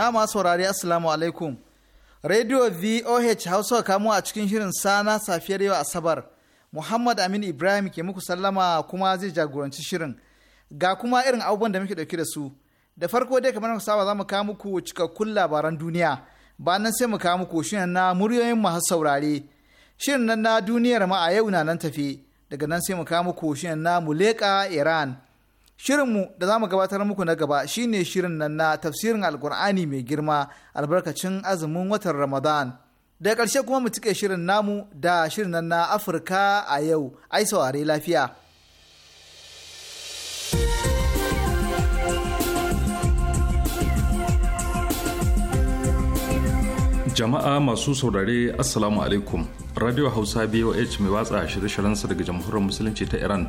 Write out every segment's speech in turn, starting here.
dama saurari assalamu alaikum radio voh hausa kamo a cikin shirin sana safiyar yau asabar muhammad amin ibrahim ke muku sallama kuma zai jagoranci shirin ga kuma irin abubuwan da muke dauke da su da farko dai kamar saba za mu kawo muku cikakkun labaran duniya ba nan sai mu kawo muku shirin na muryoyin masu saurare shirin nan na duniyar ma a yau na nan tafi daga nan sai mu kawo muku shirin na muleka iran Shirinmu da za mu gabatar muku na gaba shine shirin nan na tafsirin Alkur'ani mai girma albarkacin azumin watan Ramadan. Da ƙarshe kuma mu cike shirin namu da shirin nan na Afirka a yau, ai saurare lafiya. Jama'a masu saurare Assalamu alaikum. Radio Hausa BOH mai watsa shirye-shiryensa daga Jamhuriyar Musulunci ta Iran.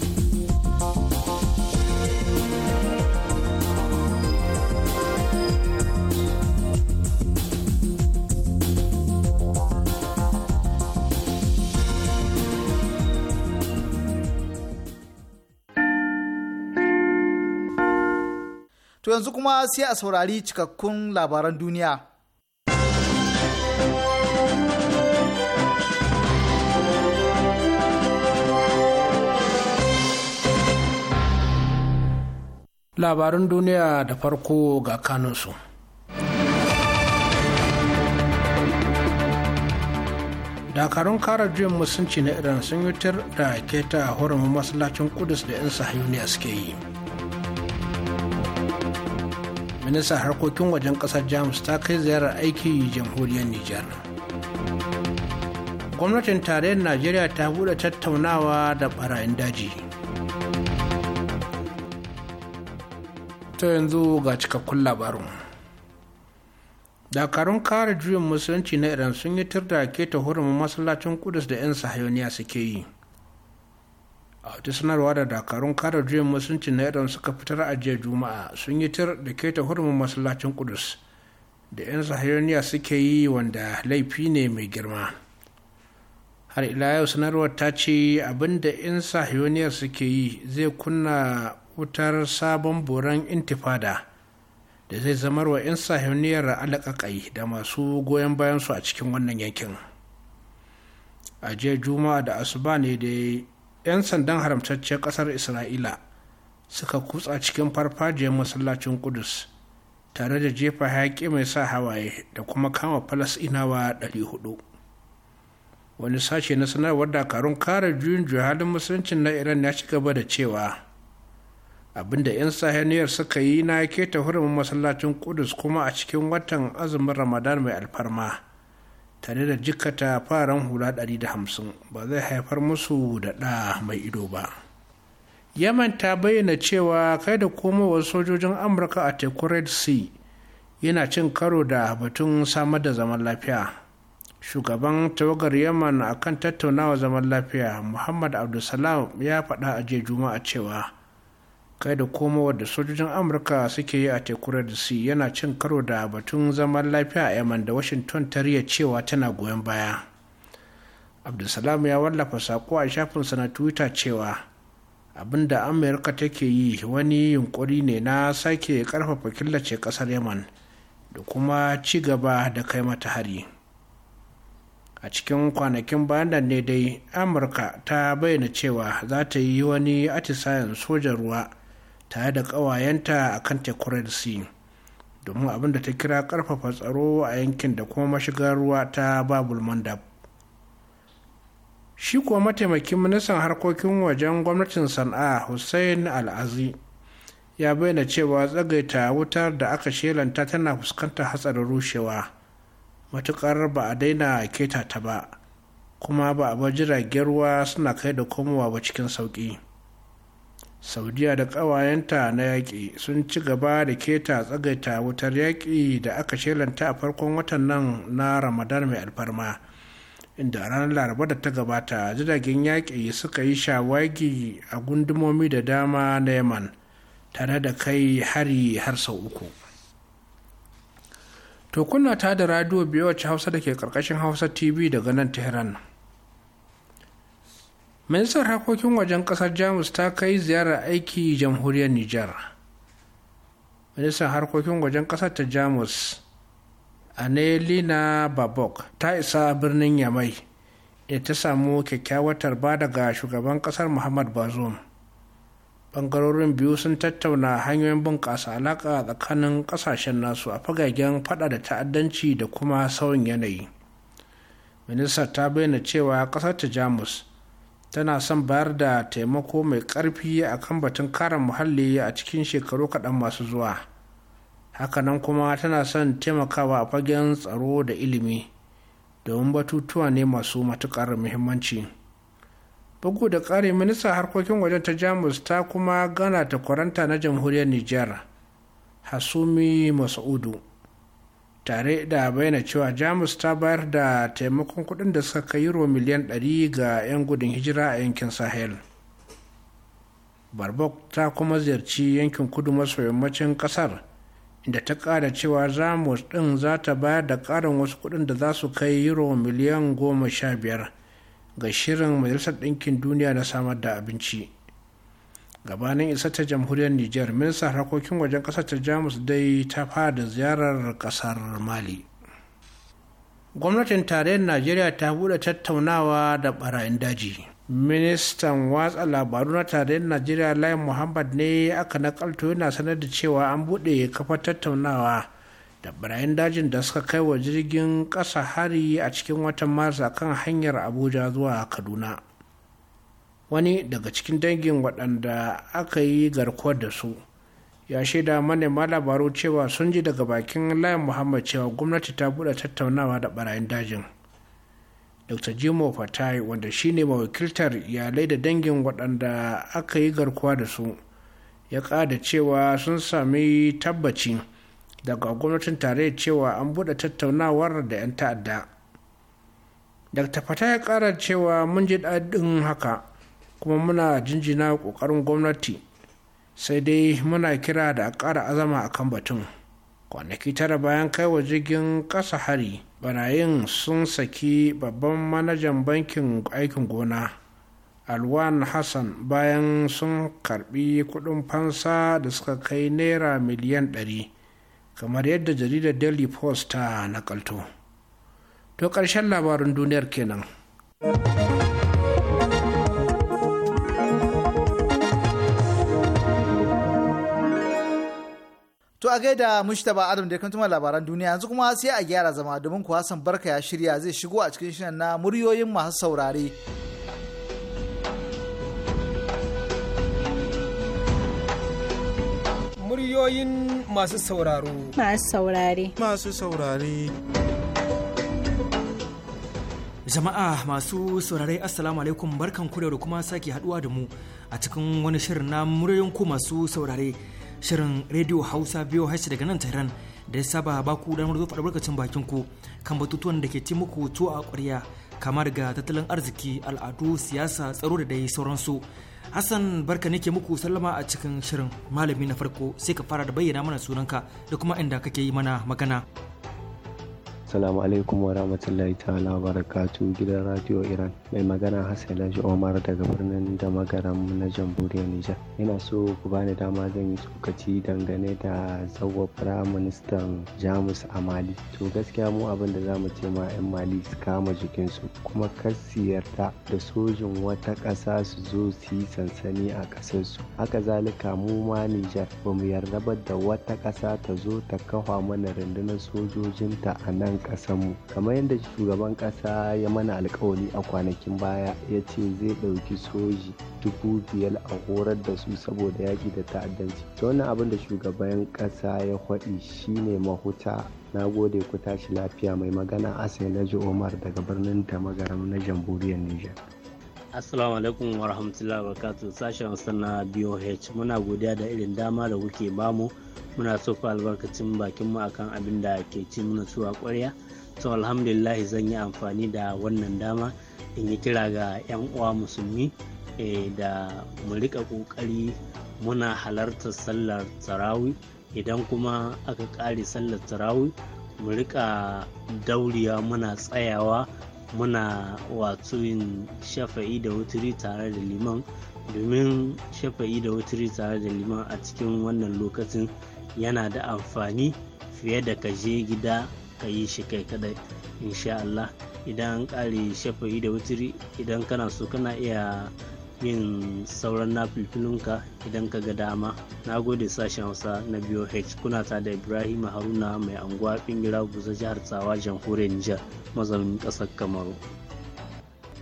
yanzu kuma sai a saurari cikakkun labaran duniya. Labarin duniya da farko ga kanunsu. dakarun kara juyin musulunci na iran sun yi da keta horon masallacin kudus da 'yan sahayuniya suke yi majalisar harkokin wajen kasar jamus ta kai ziyarar aiki jamhuriyar nijar gwamnatin tarayyar najeriya ta buɗe tattaunawa da barayin daji ta yanzu ga cikakkun labarin dakarun kare juyin musulunci na iran sun yi tir da keta hurumin masallacin kudus da 'yan sahayoniya suke yi a wata sanarwa da dakarun kare juyin musulunci na yadda suka fitar a jiya juma'a sun yi tir da keta hurumin masallacin kudus da 'yan sahiyoniya suke yi wanda laifi ne mai girma har ila yau sanarwar ta ce abinda 'yan sahiyoniya suke yi zai kunna wutar sabon boran intifada da zai zamar wa 'yan sahiyoniyar alaƙaƙai da masu goyon bayansu a cikin wannan yankin a jiya juma'a da asuba ne da. 'yan sandan haramtacciyar ƙasar isra'ila suka kutsa cikin farfajiyar masallacin kudus tare da jefa hayaƙi mai sa hawaye da kuma kama falasinawa 400 wani sashe na sanarwar dakarun kare juyin halin musuluncin na iran ya ci gaba da cewa abinda 'yan sahaniyar suka yi na keta hurumin masallacin kudus kuma a cikin watan azumin ramadan mai alfarma tare da jikata faran hula 150 ba zai haifar musu da ɗa mai ido ba yaman ta bayyana cewa kai da komowar sojojin amurka a tekun red sea yana cin karo da batun samar da zaman lafiya shugaban tawagar yaman akan tattaunawa zaman lafiya muhammad abdulsalam ya faɗa a jiya juma'a cewa kai da komowar da sojojin amurka suke yi a tekura red sea yana cin karo da batun zaman lafiya a yaman da washington ta riya cewa tana goyon baya abdulsalam ya wallafa sako a shafinsa na twitter cewa abin da amurka take yi wani yunkuri ne na sake karfafa killace ƙasar yaman da kuma ci gaba da kai mata hari a cikin kwanakin bayan ne dai amurka ta bayyana cewa za ta yi wani atisayen sojan ruwa tare da ƙawayenta a kan tekun red domin abin da ta kira ƙarfafa tsaro a yankin da kuma mashigar ruwa ta babul mandab shi kuwa mataimakin ministan harkokin wajen gwamnatin sana'a hussein al'azi ya bayyana cewa tsagaita wutar da aka shelanta tana fuskantar hatsarin rushewa matukar ba a daina keta ta ba kuma ba a bar jiragen ruwa suna kai da komowa ba cikin sauƙi. saudiya da ƙawayenta na yaƙi sun ci gaba da keta tsagaita wutar yaƙi da aka shelanta a farkon watan nan na ramadan mai alfarma inda ranar laraba da ta gabata jiragen yaƙi suka yi shawagi a gundumomi da dama na yaman tare da kai hari har sau uku to kuna ta da radio biyu wacce hausa da ke karkashin hausa tv daga nan tehran Ministar harkokin wajen kasar jamus ta kai ziyarar aiki jamhuriyar Nijar. ministan harkokin wajen kasar ta jamus anelina babok ta isa birnin yamai da ta samu kyakkyawar tarba daga shugaban kasar muhammad bazoum bangarorin biyu sun tattauna hanyoyin bunƙasa alaƙa tsakanin ƙasashen nasu a fagagen fada da ta'addanci da kuma sauyin yanayi minista ta bayyana cewa ƙasar ta jamus tana son bayar da taimako mai ƙarfi a kan batun kare muhalli a cikin shekaru kaɗan masu zuwa hakanan kuma tana son taimakawa a fagen tsaro da ilimi domin batutuwa ne masu matuƙar muhimmanci bugu da ƙari minista harkokin wajen ta jamus ta kuma gana ta kwaranta na jamhuriyar niger hasumi masaudu tare da bayyana cewa jamus ta bayar da taimakon kudin da suka kai euro miliyan 100 ga 'yan gudun hijira a yankin sahel barbok ta kuma ziyarci yankin kudu maso yammacin kasar inda ta ƙara cewa jamus din za ta bayar da karin wasu kudin da za su kai euro miliyan 15 ga shirin majalisar ɗinkin duniya na samar da abinci. gabanin isa ta jamhuriyar niger ministan harkokin wajen kasar ta jamus dai ta fada ziyarar kasar mali gwamnatin tarayyar najeriya ta bude tattaunawa da barayin daji ministan watsa labaru na tarayyar najeriya lai muhammad ne aka nakalto yana sanar da cewa an bude kafar tattaunawa da barayin dajin da suka kai wa jirgin kasa hari a cikin watan maris kan hanyar abuja zuwa kaduna wani daga cikin dangin waɗanda aka yi garkuwar da su ya shaida manema labaru cewa sun ji daga bakin layin muhammad cewa gwamnati ta buɗe tattaunawa da barayin dajin dr jimo fatai wanda shine mawakiltar iyalai da dangin waɗanda aka yi garkuwa da su ya ƙada cewa sun sami tabbaci daga gwamnatin tare cewa an buɗe tattaunawar da 'yan ta'adda dr fatai ya ƙara cewa mun ji daɗin haka kuma muna jinjina ƙoƙarin gwamnati sai dai muna kira da a ƙara azama a kan batun kwanaki tara bayan kai wa jirgin ƙasa hari banayin sun saki babban manajan bankin aikin gona alwan hassan bayan sun karbi kuɗin fansa da suka kai naira miliyan 100 kamar yadda jaridar daily post ta nakalto to ƙarshen labarin duniyar kenan. To a gaida Mustapha Adam da kuma labaran duniya yanzu kuma sai a gyara zama domin ku Hassan Barka ya shirya zai shigo a cikin shirin na muryoyin masu saurare. Muryoyin masu sauraro. Masu saurare. Masu saurare. Jama'a masu saurare Assalamu alaikum barkan da kuma sake haduwa da mu a cikin wani shirin na muryoyin ku masu saurare. shirin rediyo hausa biyu hashi daga nan tehran da ya saba ba ku damar zuwa faɗa barkacin bakin ku kan batutuwan da ke ci muku tuwo a ƙwarya kamar ga tattalin arziki al'adu siyasa tsaro da dai sauransu hassan barka ne ke muku sallama a cikin shirin malami na farko sai ka fara da bayyana mana sunanka da kuma inda kake yi mana magana Assalamu alaikum wa rahmatullahi ta'ala barakatu gidan Radio Iran. Mai magana Hassan Laji Omar daga birnin da magaram na jamhuriyar Nijar. Ina so ku bani dama zan yi tsokaci dangane da tsawon firaministan Jamus a Mali. To gaskiya mu abin da za mu ce ma 'yan Mali su kama jikinsu kuma kar su da sojin wata ƙasa su zo su yi sansani a ƙasarsu. Haka zalika mu ma Nijar ba mu yarda ba da wata ƙasa ta zo ta kafa mana rundunar sojojinta a nan ƙasarmu kamar yadda shugaban ƙasa ya mana alkawari a kwanakin baya ya ce zai ɗauki soji dubu biyar a horar da su saboda yaƙi da ta'addanci ta wannan abin da shugaban ƙasa ya faɗi shine mahuta na gode ku tashi lafiya mai magana asai na omar daga birnin tamagaram na jamhuriyar niger Assalamu alaikum wa rahmatullahi wa barakatuh sashen sana BOH muna godiya da irin dama da kuke bamu muna sofa albarkacin bakin mu akan abin da ke ci muna suwa kwarya to alhamdulillah zan yi amfani da wannan dama in yi kira ga 'yan uwa musulmi eh, da mu rika kokari muna halartar sallar tarawi idan kuma aka kare sallar tarawi mu rika dauriya muna tsayawa muna wato yin shafa'i da wuturi tare da liman domin shafa'i da wuturi tare da liman a cikin wannan lokacin yana da amfani fiye da ka je gida ka yi shi kai kadai insha'Allah Allah idan an kare shafa'i da wuturi idan kana so kana iya yin sauran nafilfilinka idan ka ga dama na gode sashen hausa na boh kuna ta da ibrahim haruna mai anguwa bingira buza jihar tsawa jamhuriyar nijar mazaunin ƙasar kamaru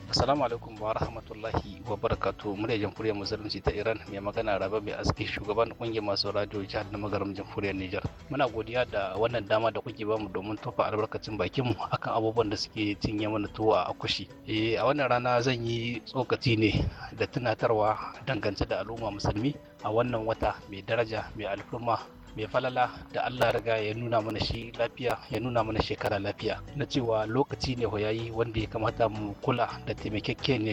Assalamu alaikum wa rahmatullahi wa barakatu murya jamhuriyar musulunci ta Iran mai magana raba mai aski shugaban kungiyar masu radio jihar da magaram jamhuriyar Nijar. Muna godiya da wannan dama da kuke bamu domin tofa albarkacin bakin mu akan abubuwan da suke cinye mana tuwo a akushi. Eh a wannan rana zan yi tsokaci ne da tunatarwa dangance da al'umma musulmi a wannan wata mai daraja mai alfurma mai falala da Allah riga ya nuna mana shi lafiya ya nuna mana shekara lafiya na cewa lokaci ne yi wanda ya kamata mu kula da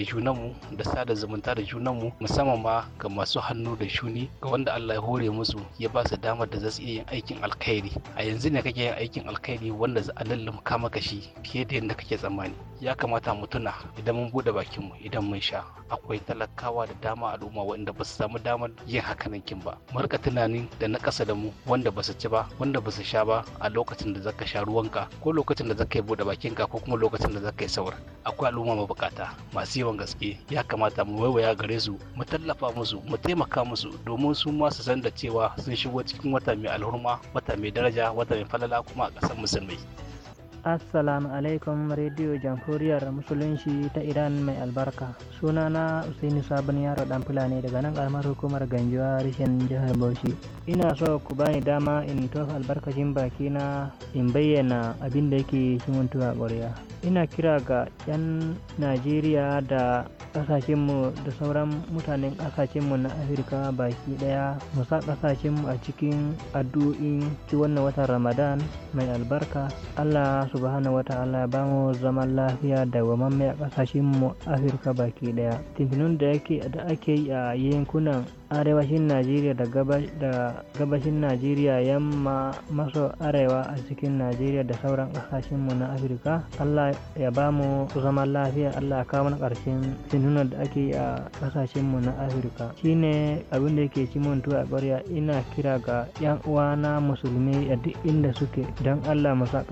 juna mu da sada zumunta da mu musamman ma ga masu hannu da shuni ga wanda Allah ya hore musu ya ba su damar da za su iya yin aikin alkhairi a yanzu ne kake yin aikin alkhairi wanda za a lallum kama shi fiye da yadda kake tsammani ya kamata mu tuna idan mun bude bakinmu idan mun sha akwai talakawa da dama al'umma waɗanda ba su samu damar yin hakanan kin ba mu rika tunanin da na kasa da mu wanda ba su ci ba wanda ba su sha ba a lokacin da zaka sha ruwanka ko lokacin da zaka yi bude bakinka ko kuma lokacin da zaka yi saur akwai al'umma ma mabukata masu yawan gaske ya kamata mu waiwaya gare su mu tallafa musu mu taimaka musu domin su ma su san da cewa sun shigo cikin wata mai alhurma wata mai daraja wata mai falala kuma a ƙasar musulmai assalamu alaikum rediyo jamhuriyar musulunci ta iran mai albarka sunana usaini sabon yaro dan fulani daga nan karamar hukumar ganjuwa rishin jihar bauchi ina so ku bani dama in tofa albarkacin baki na in bayyana abin da yake shimuntuwa ƙwarya ina kira ga 'yan najeriya da kasashenmu da sauran mutanen kasashenmu na afirka baki ɗaya, mu sa kasashenmu a cikin addu'in ci wannan watan ramadan mai albarka allah subhanahu ta'ala ya bamu zaman lafiya da gwamamme a kasashen mu afirka baki daya tuntunin da ake yi a yankunan arewacin najeriya da gabashin najeriya yamma maso arewa a cikin najeriya da sauran mu na afirka allah ya ba mu zaman lafiya allah kawo mana karshen sinuna da ake yi a mu na afirka shine abin da yake ci mun a ƙwarya ina kira ga yan uwana musulmi a duk inda suke don allah mu sa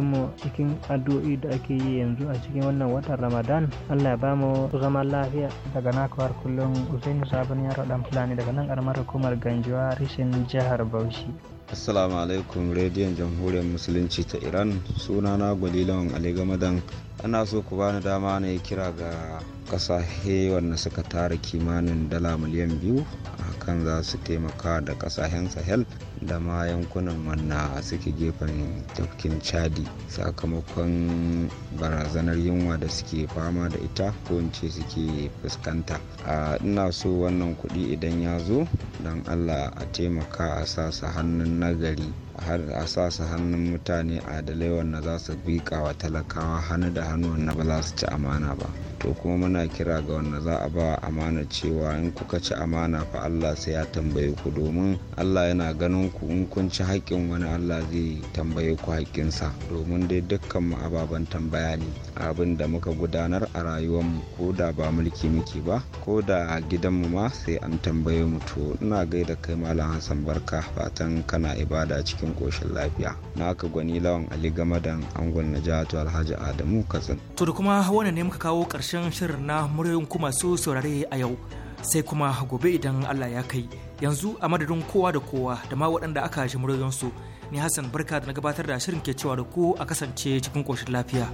mu cikin addu'o'i da ake yi yanzu a cikin wannan watan ramadan allah ya ba mu zaman lafiya daga nakawar kullum usaini sabon yaro dan Sani daga nan karamar hukumar Ganjuwa rashin jihar Bauchi. Assalamu alaikum rediyon jamhuriyar musulunci ta Iran sunana Gwalilawan Ali Gamadan ana so ku bani dama na yi kira ga kasashe wanda suka tara kimanin dala miliyan biyu hakan za su taimaka da kasashen sahel da ma yankunan wanda suke gefen tafkin chadi sakamakon barazanar yunwa da suke fama da ita ko ce suke fuskanta a ina so wannan kuɗi idan ya zo don allah a taimaka a sa su hannun nagari har a sa su hannun mutane adalai wanda za su bika wa talakawa hannu da hannu wanda ba za su ci amana ba to kuma muna kira ga wanda za a ba amana cewa in kuka ci amana fa Allah sai ya tambaye ku domin Allah yana ganin ku in kun ci haƙƙin wani Allah zai tambaye ku haƙƙinsa domin dai dukkan mu ababen tambaya ne abin da muka gudanar a rayuwarmu ko da ba mulki muke ba ko da gidanmu ma sai an tambaye mu to ina gaida kai malam hassan barka fatan kana ibada cikin koshin lafiya na ka gwani lawan ali gamadan angon na najatu alhaji adamu katsin to da kuma wannan ne muka kawo karshen shirin na muryoyin kuma masu saurare a yau sai kuma gobe idan allah ya kai yanzu a madadin kowa da kowa da ma waɗanda aka shi muryoyin su ni hassan barka da na gabatar da shirin ke cewa da ku a kasance cikin koshin lafiya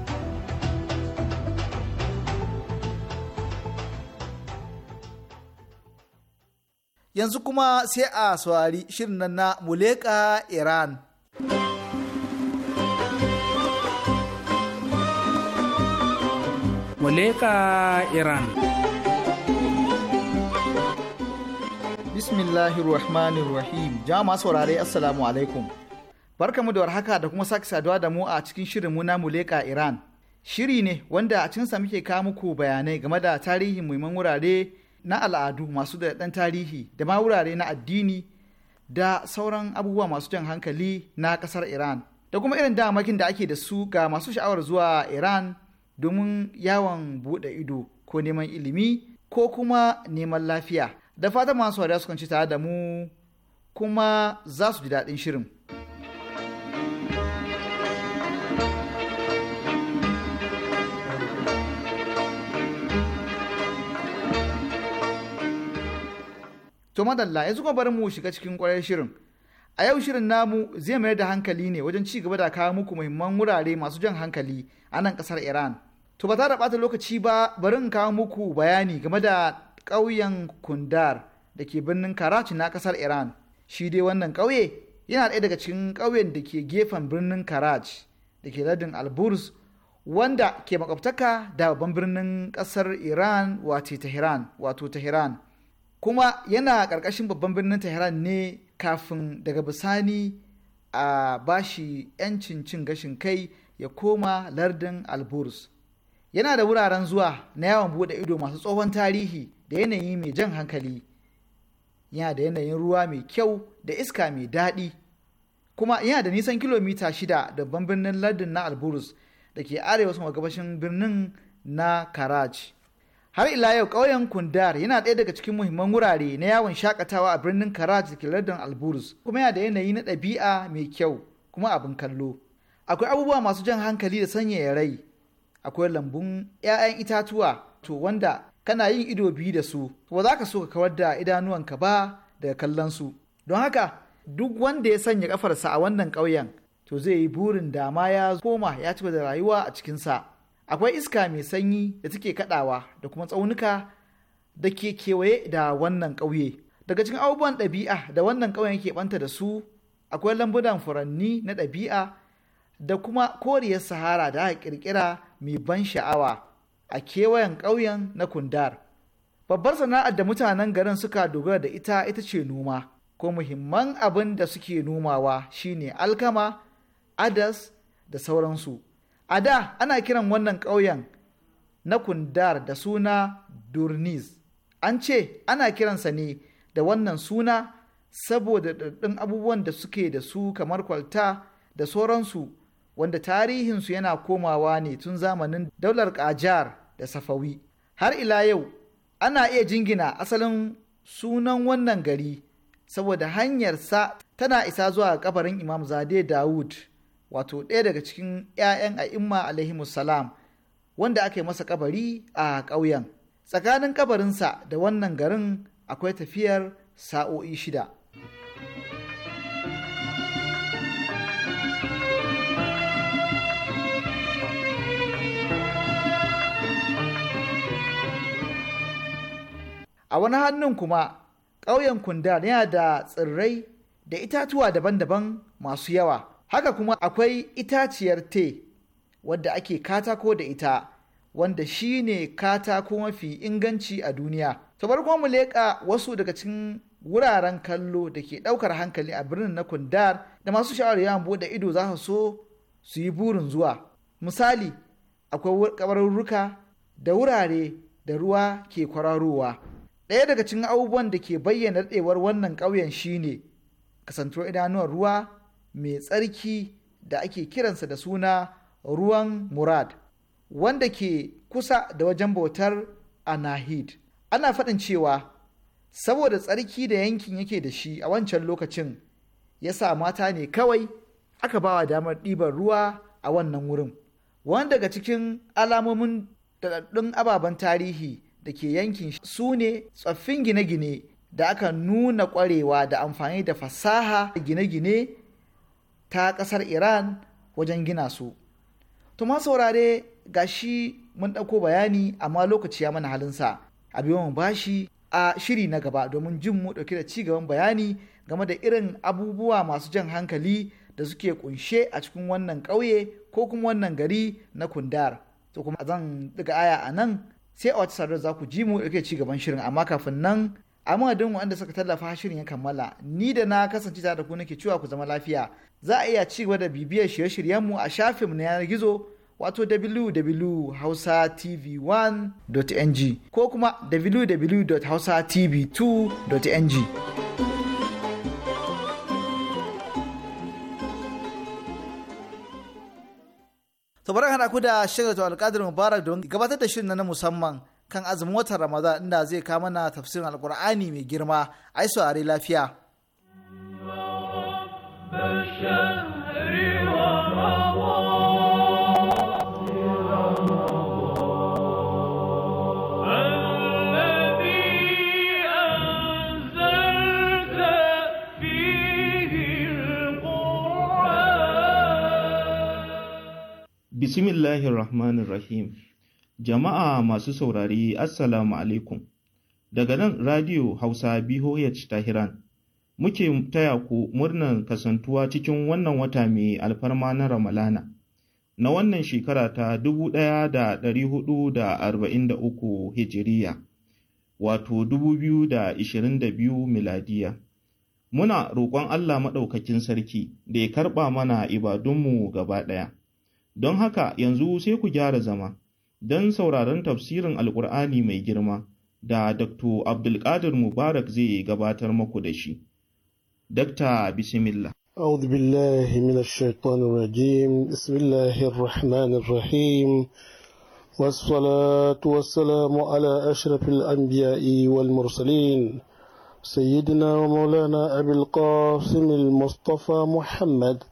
yanzu kuma sai a saurari shirin nan na muleka iran Muleka Iran. Bismillahirrahmanirrahim. Jama'a saurare Assalamu alaikum. Barka mu da warhaka da kuma sake saduwa da mu a cikin shirin mu na Muleka Iran. Shiri ne wanda a cikinsa muke kawo muku bayanai game da tarihin muhimman wurare na al'adu masu da ɗan tarihi da ma wurare na addini da sauran abubuwa masu jan hankali na ƙasar Iran. Da kuma irin damakin da ake da su ga masu sha'awar zuwa Iran domin yawon buɗe ido ko neman ilimi ko kuma neman lafiya. Da fatan masu wariya su kwanci tare da mu kuma za su ji daɗin shirin. To madalla yanzu kuma bari mu shiga cikin kwarar shirin. A yau shirin namu zai mayar da hankali ne wajen ci gaba da kawo muku muhimman wurare masu jan hankali a nan kasar Iran. To ba ta da lokaci ba bari in kawo muku bayani game da ƙauyen Kundar da ke birnin Karachi na kasar Iran. Shi dai wannan ƙauye yana ɗaya daga cikin ƙauyen da ke gefen birnin Karachi da ke lardin Alburs wanda ke makwabtaka da babban birnin ƙasar Iran wato Tehran wato Tehran. kuma yana ƙarƙashin babban birnin tehran ne kafin daga bisani a bashi 'yancin cin gashin kai ya koma lardin alburs yana da wuraren zuwa na yawon bude ido masu tsohon tarihi da yanayi mai jan hankali yana da yanayin ruwa mai kyau da iska mai daɗi kuma yana da nisan kilomita shida da babban birnin lardin na alburus da ke arewa gabashin birnin na karaj har ila yau ƙauyen kundar yana ɗaya daga cikin muhimman wurare na yawon shakatawa a birnin karaj da ke lardin alburus kuma yana da yanayi na ɗabi'a mai kyau kuma abin kallo akwai abubuwa masu jan hankali da sanyaya rai akwai lambun 'ya'yan itatuwa to wanda kana yin ido biyu da su kuma za ka so ka kawar da idanuwanka ba daga kallon su don haka duk wanda ya sanya kafarsa a wannan ƙauyen to zai yi burin dama ya koma ya ci da rayuwa a cikinsa. akwai iska mai sanyi da take kadawa da kuma tsaunuka da ke kewaye da wannan ƙauye daga cikin abubuwan ɗabi'a da wannan ƙauyen ke banta da su akwai lambunan furanni na ɗabi'a da kuma koriyar sahara da aka kirkira mai ban sha'awa a kewayen ƙauyen na kundar babbar sana'ar da mutanen garin suka dogara da ita ita ce noma ko muhimman abin da suke nomawa shine alkama adas da sauransu a da ana kiran wannan ƙauyen na kundar da suna durnis an ce ana kiransa ne da wannan suna saboda ɗaɗɗin abubuwan da suke da su kamar kwalta da sauransu wanda tarihinsu yana komawa ne tun zamanin daular ƙajar da safawi har ila yau ana iya jingina asalin sunan wannan gari saboda hanyarsa tana isa zuwa kabarin imam zade dawud wato ɗaya daga cikin 'ya'yan a'imma alaihimu salam wanda aka yi masa kabari a ƙauyen tsakanin kabarinsa da wannan garin akwai tafiyar sa'o'i shida a wani hannun kuma ƙauyen kundar yana da tsirrai da itatuwa daban-daban masu yawa haka kuma akwai itaciyar te wadda ake katako da ita wanda shi ne katako mafi inganci a duniya to bari kuma mu leƙa wasu daga cikin wuraren kallo da ke ɗaukar hankali a birnin na kundar da masu sha'awar yawon buɗe ido za su so su yi burin zuwa misali akwai kabarurruka da wurare da ruwa ke kwararowa ɗaya daga cikin abubuwan da ke bayyana daɗewar wannan ƙauyen shine kasantuwar idanuwar ruwa mai tsarki da ake kiransa da suna ruwan murad wanda ke kusa da wajen bautar anahid ana faɗin cewa saboda tsarki da yankin yake da shi a wancan lokacin ya sa mata ne kawai aka bawa damar ɗiban ruwa a wannan wurin wani daga cikin alamomin daɗaɗɗun ababen tarihi da ke yankin su ne tsoffin gine-gine da aka nuna ƙwarewa da amfani da fasaha gine-gine ta ƙasar iran wajen gina su to ma saurare ga shi mun ɗauko bayani amma lokaci ya mana halinsa a biyo mu bashi a shiri na gaba domin jin mu ɗauke da ci gaban bayani game da irin abubuwa masu jan hankali da suke kunshe a cikin wannan ƙauye ko kuma wannan gari na kundar to kuma zan daga aya a nan sai a wata sadar za ku ji mu ɗauke ci gaban shirin amma kafin nan amma don wanda suka tallafa shirin ya kammala ni da na kasance tare da ku nake cewa ku zama lafiya za a iya ci gaba da bibiyar shirye shiryen mu a shafinmu na yanar gizo wato www.hausatv1.ng ko kuma www.hausatv2.ng saboda hana ku da shirin alƙadar mubarak don gabatar da shirin na musamman kan azumin watan Ramadan inda zai kama mana tafsirin Alkur'ani mai girma ai saurari lafiya. Bismillahirrahmanirrahim. Jama'a masu saurari Assalamu alaikum. Daga nan Radio Hausa BOH Tahiran, muke taya ku murnar kasantuwa cikin wannan wata mai alfarma na Ramalana, na wannan shekara ta 1443 Hijiriya, wato 2022 Miladiya. Muna roƙon Allah Maɗaukakin Sarki da ya karɓa mana ibadunmu gaba ɗaya. Don haka yanzu sai ku gyara zama. don sauraron tafsirin Alƙur'ani mai girma da Dr. Abdulkadir Mubarak zai gabatar maku da shi. dr Bismillah. أعوذ بالله من الشيطان الرجيم بسم الله الرحمن الرحيم والصلاة والسلام على أشرف الأنبياء والمرسلين سيدنا ومولانا أبي القاسم المصطفى محمد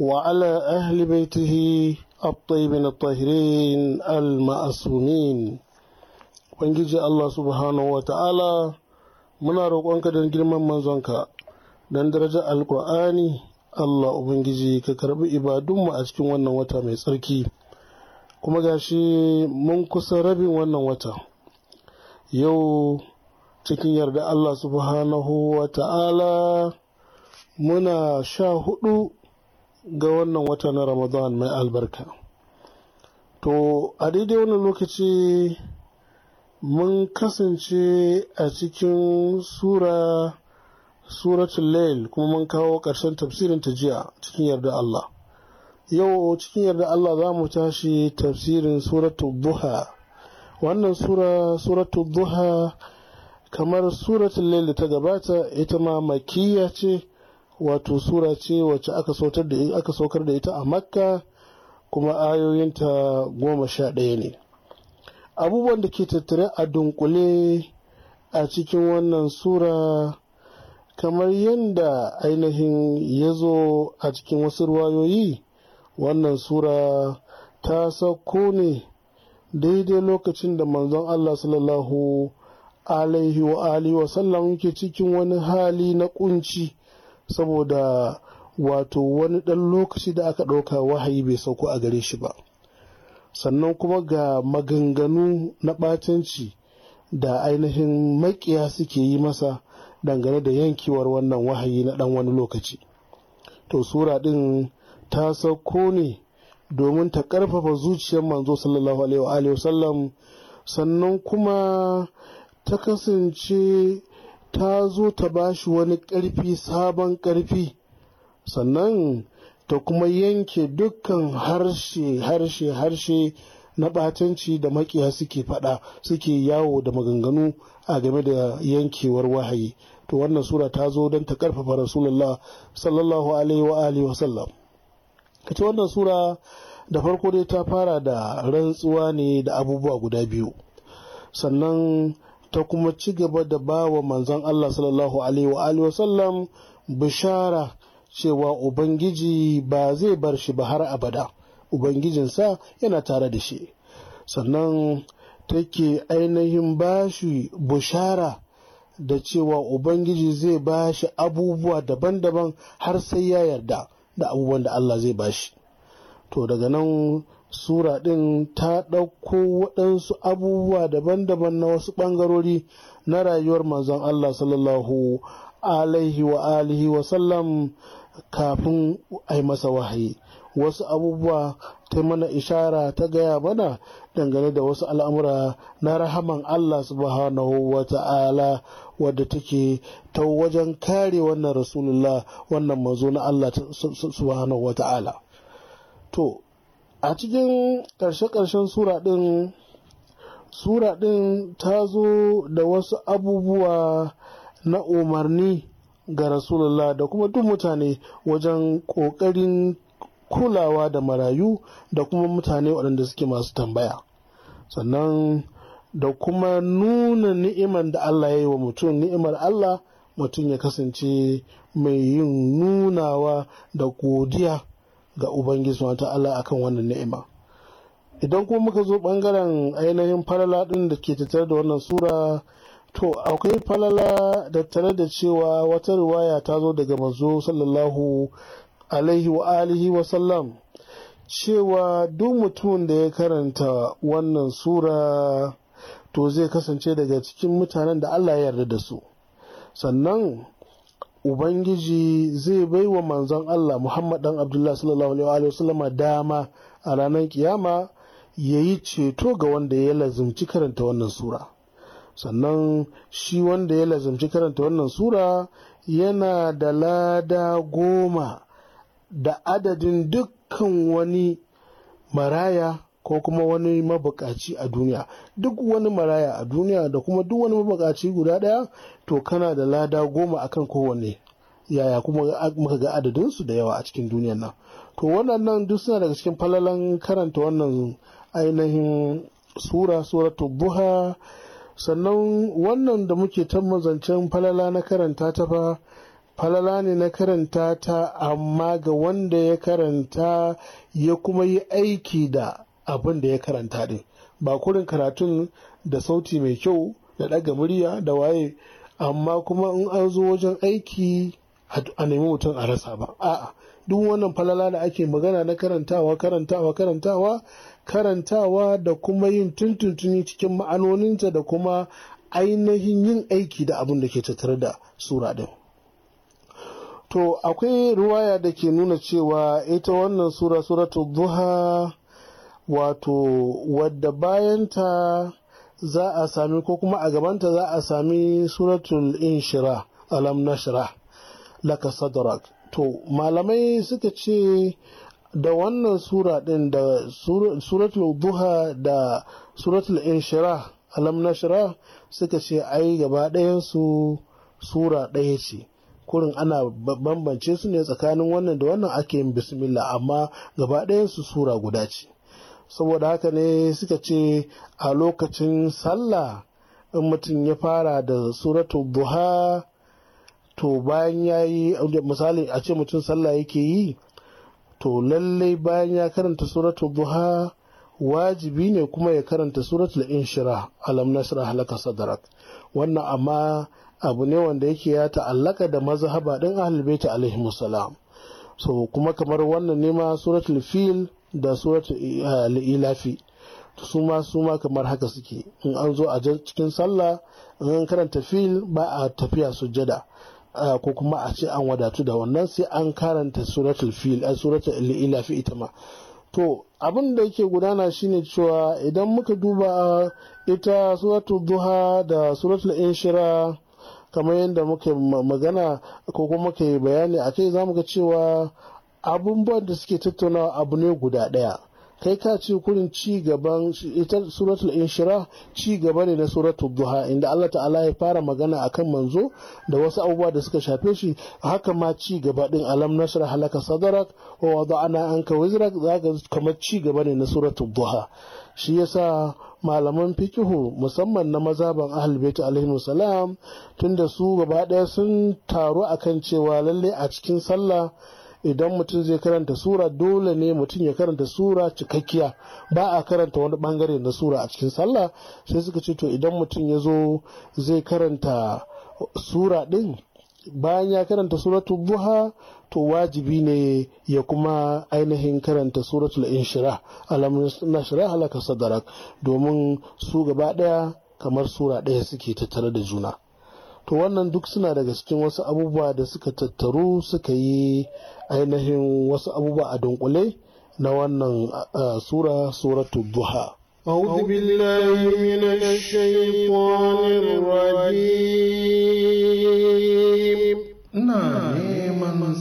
وعلى أهل بيته الطيبين الطاهرين المعصومين ubangiji Allah subhanahu wa ta'ala muna roƙonka don girman manzonka don darajar alƙur'ani Allah ubangiji ka karɓi ibadunmu a cikin wannan wata mai tsarki kuma gashi mun kusa rabin wannan wata yau cikin yarda Allah subhanahu wa ta'ala muna sha hudu ga wannan wata na ramadan mai albarka to a daidai wani lokaci mun kasance a cikin sura suratul lail kuma mun kawo ƙarshen tafsirin ta jiya cikin yarda Allah yau cikin yarda Allah za mu tashi tafsirin suratul duha wannan sura suratul duha kamar suratul lail da ta gabata ita ma makiyya ce wato sura ce wacce aka saukar da ita a makka kuma ayoyinta goma sha ɗaya ne abubuwan da ke tattare a dunkule a cikin wannan sura kamar yadda ainihin ya zo a cikin wasu ruwayoyi wannan sura ta sauko ne daidai lokacin da manzon allah sallallahu alaihi wa alihi wasallam ke cikin wani hali na kunci saboda wato wani ɗan lokaci da aka ɗauka wahayi bai sauko a gare shi ba sannan kuma ga maganganu na ɓatanci da ainihin maƙiya suke yi masa dangane da yankewar wannan wahayi na ɗan wani lokaci to sura ɗin ta sauko ne domin ta ƙarfafa zuciyar manzo sallallahu alaihi wa sallam, sannan kuma ta kasance ta zo ta ba shi wani ƙarfi sabon ƙarfi sannan ta kuma yanke dukkan harshe harshe harshe na ɓatanci da makiya suke faɗa suke yawo da maganganu a game da yankewar wahayi to wannan sura ta zo don ta ƙarfafa rasulullah sallallahu alaihi wa alihi wa sallam wannan sura da farko dai ta fara da rantsuwa ne da abubuwa guda biyu sannan ta kuma ci gaba da ba wa manzon Allah sallallahu alaihi wa sallam bishara cewa ubangiji ba zai bar shi ba har abada ubangijinsa yana tare da shi sannan take ainihin bashi bishara da cewa ubangiji zai ba shi abubuwa daban-daban har sai ya yarda da abubuwan da Allah zai ba shi to daga nan sura ɗin ta ɗauko waɗansu abubuwa daban-daban na wasu ɓangarori na rayuwar manzon Allah sallallahu alaihi wa alihi wa sallam kafin a yi masa wahayi wasu abubuwa ta mana ishara ta gaya mana dangane da wasu al'amura na rahaman Allah subhanahu wa ta'ala wadda take ta wajen kare wannan rasulullah wannan mazo na Allah subhanahu wa ta'ala to a cikin ƙarshe-ƙarshen sura ɗin sura ɗin ta zo da wasu abubuwa na umarni ga rasulullah da kuma duk mutane wajen ƙoƙarin kulawa da marayu da kuma mutane waɗanda suke masu tambaya sannan da kuma nuna ni'imar da Allah ya yi wa mutum ni'imar Allah mutum ya kasance mai yin nunawa da godiya ga ubangiji wa ta'ala akan wannan ni'ima idan kuma muka zo bangaren ainihin falala ɗin da ke tattare da wannan sura to akwai falala da tare da cewa wata riwaya ta zo daga manzo sallallahu alaihi wa alihi wa sallam cewa duk mutumin da ya karanta wannan sura to zai kasance daga cikin mutanen da Allah ya yarda da su sannan ubangiji zai bai wa manzon allah muhammad dan abdullahi sallallahu alaihi wasallama dama a ranar kiyama ya yi ceto ga wanda ya lazimci karanta wannan sura sannan shi wanda ya lazimci karanta wannan sura yana da lada goma da adadin dukkan wani maraya ko kuma wani mabukaci a duniya duk wani maraya a duniya da kuma duk wani mabukaci guda ɗaya to kana da lada goma akan kowanne yaya kuma muka ga adadinsu da yawa a cikin duniyar nan to waɗannan duk suna daga cikin falalan karanta wannan ainihin sura suratu buha sannan wannan da muke ta zancen falala na karanta ta fa falala ne na karanta ta amma ga wanda ya karanta ya kuma yi aiki da abin da ya karanta din ba kurin karatun da sauti mai kyau da ɗaga murya da waye amma kuma in an zo wajen aiki a nemi mutum a rasa ba a'a duk wannan falala da ake magana na karantawa karantawa karantawa karantawa da kuma yin tuntuntuni cikin ma'anoninta da kuma ainihin yin aiki da abin da ke tattare da sura din to akwai ruwaya da ke nuna cewa ita wannan sura suratul duha wato wadda bayanta za a sami ko kuma a gabanta za a sami suratul inshira alam nashra laka sadrak to malamai suka ce da wannan sura din da suratul duha da suratul inshira alam nashra suka ce ai gaba su sura ɗaya ce kurin ana bambance su ne tsakanin wannan da wannan ake yin bismillah amma gaba su sura guda ce saboda haka ne suka ce a lokacin sallah in mutum ya fara da suratul buha to bayan ya yi misali a ce mutum sallah yake yi to lallai bayan ya karanta suratul buha wajibi ne kuma ya karanta suratul inshira alam nasra halaka sadarak wannan amma abu ne wanda yake ya ta'allaka da mazhaba din ahlul ta alaihi salam so kuma kamar wannan nema ma suratul fil da suratu eh, ilafi su ma ma kamar haka suke in an zo a cikin sallah in an karanta fil ba a tafiya sujjada ko kuma a ce an wadatu da wannan sai an karanta suratul fil a eh, suratul ilafi ita ma to abin da yake gudana shine cewa idan muka duba eh, ita suratul duha da suratul inshira kamar yadda muka magana ko kuma muka yi bayani a kai za mu ga cewa abubuwan da suke tattaunawa abu ne guda ɗaya kai ka ce kurin ci gaban ita suratul inshira ci gaba ne na suratul duha inda Allah ta'ala ya fara magana akan manzo da wasu abubuwa da suka shafe shi haka ma ci gaba din alam nasra halaka sadarak wa wada'ana anka wizrak zaka kamar ci gaba ne na suratul duha shi yasa malaman fikihu musamman na mazaban ahal baitu alaihi salam tunda su gaba ɗaya sun taru akan cewa lalle a cikin sallah idan mutum zai karanta sura dole ne mutum ya karanta sura cikakkiya ba a karanta wani bangare na sura a cikin sallah sai suka ce to idan mutum ya zo zai karanta sura din bayan ya karanta suratul buha to wajibi ne ya kuma ainihin karanta suratul inshira alamun nashira halaka sadarak domin su gaba daya kamar sura daya suke tattare da juna to wannan duk suna daga cikin wasu abubuwa da suka tattaru suka yi ainihin wasu abubuwa a dunkule na wannan sura suratu duha أعوذ بالله من الشيطان الرجيم نعم من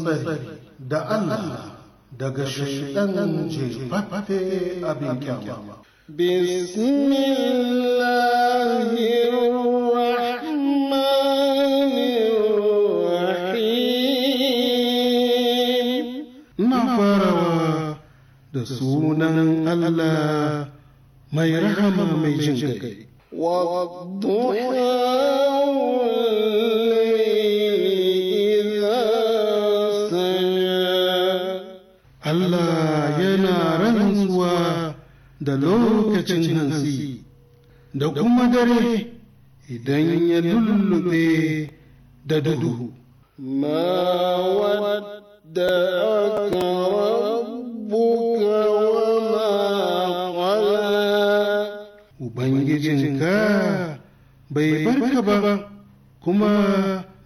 da Allah daga shaidan jefaffe abin kyama. Bismillahirrahmanirrahim farawa da sunan Allah mai rahama mai jin Allah yana rantsuwa da lokacin hansi da kuma dare idan ya lullube da duhu. wadda ودعك Ubangijinka bai barka ba kuma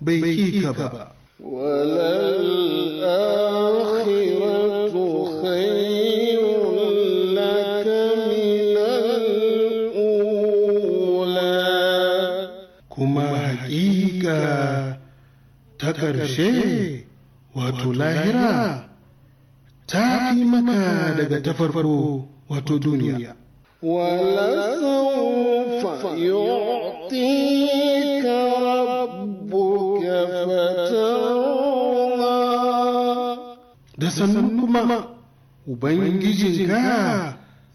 bai ki ka ba. Kuma haƙiƙa ta ƙarshe wato lahira ta fi maka daga ta farko wato duniya. ولسوف يعطيك ربك فترضى da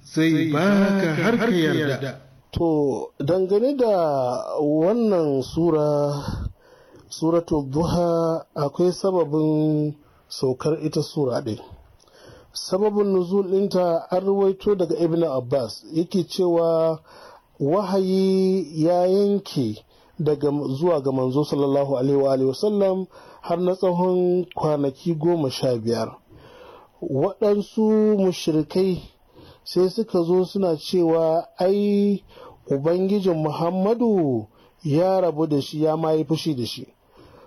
kuma to dangane da wannan sura suratul duha akwai sababin saukar ita sura ɗin sababin nuzul ɗinta an ruwaito daga ibn abbas yake cewa wahayi ya yanke daga zuwa ga manzo sallallahu alaihi wasallam har na tsawon kwanaki goma sha biyar waɗansu mushrikai sai suka zo suna cewa ai ubangijin muhammadu ya rabu da shi ya ma fushi da shi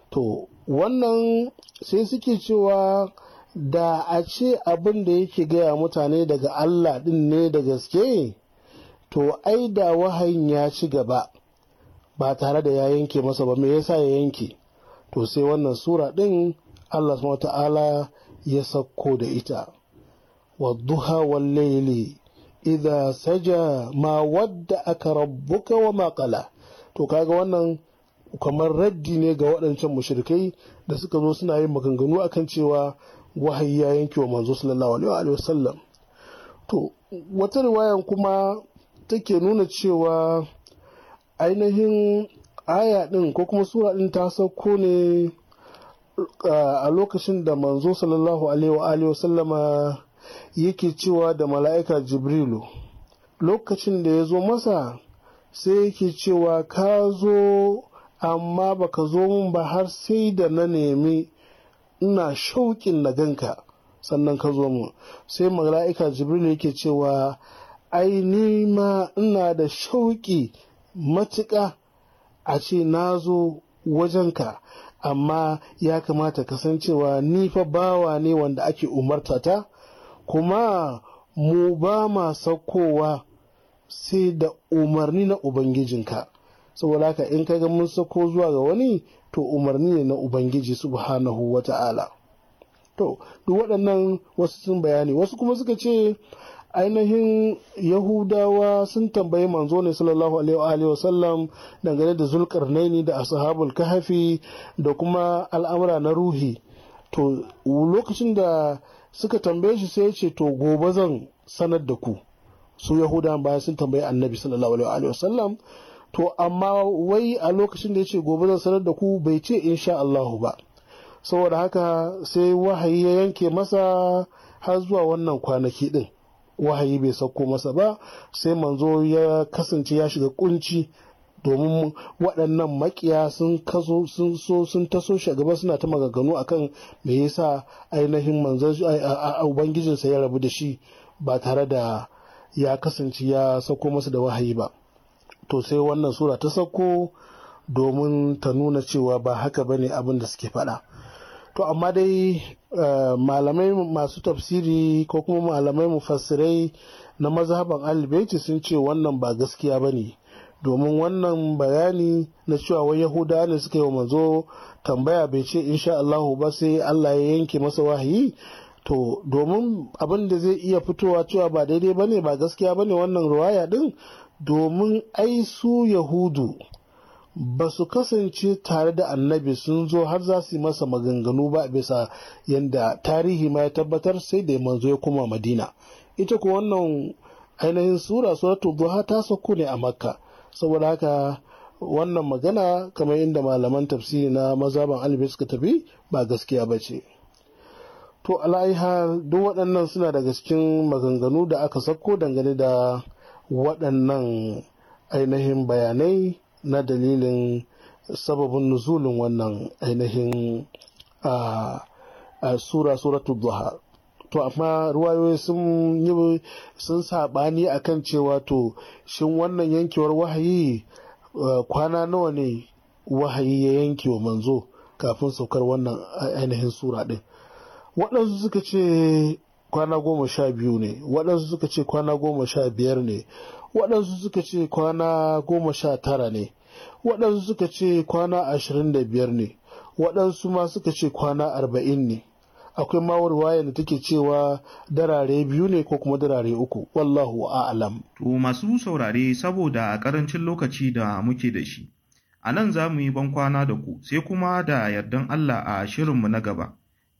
to wannan sai suke cewa da a ce abin da yake gaya mutane daga Allah ɗin ne da gaske to ai da wahayin ya ci gaba ba tare da ya yanke masa ba me yasa ya yanke to sai wannan sura ɗin Allah subhanahu ta'ala ya sakko da ita duha wal layli idza saja ma wadda aka rabbuka wa ma qala to kaga wannan kamar raddi ne ga waɗancan mushrikai da suka zo suna yin maganganu akan cewa wahayi ya yanke wa manzo sallallahu alaihi wasallam to wata riwayan kuma take nuna cewa ainihin aya din ko kuma sura din ta sauko ne a lokacin da manzo sallallahu alaihi wasallama yake cewa da mala'ika jibrilu lokacin da ya zo masa sai yake cewa ka zo amma baka zo mun ba har sai da na nemi ina shauƙin na ganka sannan ka zo mu sai mala'ika jibril yake cewa ai ni ma ina da shauƙi matuƙa a ce na zo wajenka amma ya kamata kasancewa ni fa bawa ne wanda ake umarta ta kuma mu ba ma saukowa sai da umarni na ubangijinka saboda haka in ka ga mun sako zuwa ga wani to umarni ne na ubangiji subhanahu wa ta'ala to duk waɗannan wasu sun bayani wasu kuma suka ce ainihin yahudawa sun tambayi manzo ne sallallahu alaihi wa sallam dangane da naini da ashabul kahafi da kuma al'amura na ruhi to lokacin da suka tambaye shi sai ya ce to gobe zan sanar da ku su yahudawan bayan sun tambayi annabi sallallahu alaihi wa sallam to amma wai a lokacin da ya ce gobe zan sanar da ku bai ce insha Allahu ba saboda haka sai wahayi ya yanke masa har zuwa wannan kwanaki din wahayi bai sauko masa ba sai manzo ya kasance ya shiga kunci domin waɗannan makiya sun kaso sun so sun taso shi gaba suna ta maganganu akan me yasa ainihin manzo ubangijinsa ya rabu da shi ba tare da ya kasance ya sauko masa da wahayi ba to sai wannan sura ta sauko domin ta nuna cewa ba haka bane abin da suke faɗa to amma dai eh, malamai masu tafsiri ko kuma malamai mufassirai na mazhaban alibeci sun ce wannan ba gaskiya bane domin wannan bayani na cewa wai yahuda ne suka yi wa manzo tambaya bai ce insha Allahu ba sai Allah ya yanke masa wahayi to domin abin da zai iya fitowa cewa ba daidai bane ba gaskiya bane wannan ruwaya din domin ai su yahudu ba su kasance tare da annabi sun zo har za su yi masa maganganu ba bisa yadda tarihi ma ya tabbatar sai da manzo ya kuma madina ita ku, wannan ainihin sura suratu duha ta sauko ne a makka saboda haka wannan magana kamar inda malaman tafsiri na mazaban alibi suka tafi ba gaskiya ba ce to alaiha duk waɗannan suna daga cikin maganganu da aka sauko dangane da waɗannan ainihin bayanai na dalilin sababin nuzulin wannan ainihin sura suratul duha to amma ruwayoyi sun yi sun sabani akan cewa to shin wannan yankewar wahayi kwana nawa ne wahayi ya yanke wa manzo kafin saukar wannan ainihin sura ɗin? waɗansu suka ce kwana goma sha biyu ne waɗansu suka ce kwana goma sha biyar ne waɗansu suka ce kwana goma sha tara ne waɗansu suka ce kwana ashirin da biyar ne waɗansu ma suka ce kwana arba'in ne akwai ma ruwaya da take cewa darare biyu ne ko kuma darare uku wallahu a'lam to masu saurare saboda karancin lokaci da muke da shi a nan za mu yi bankwana da ku sai kuma da yardan Allah a shirinmu na gaba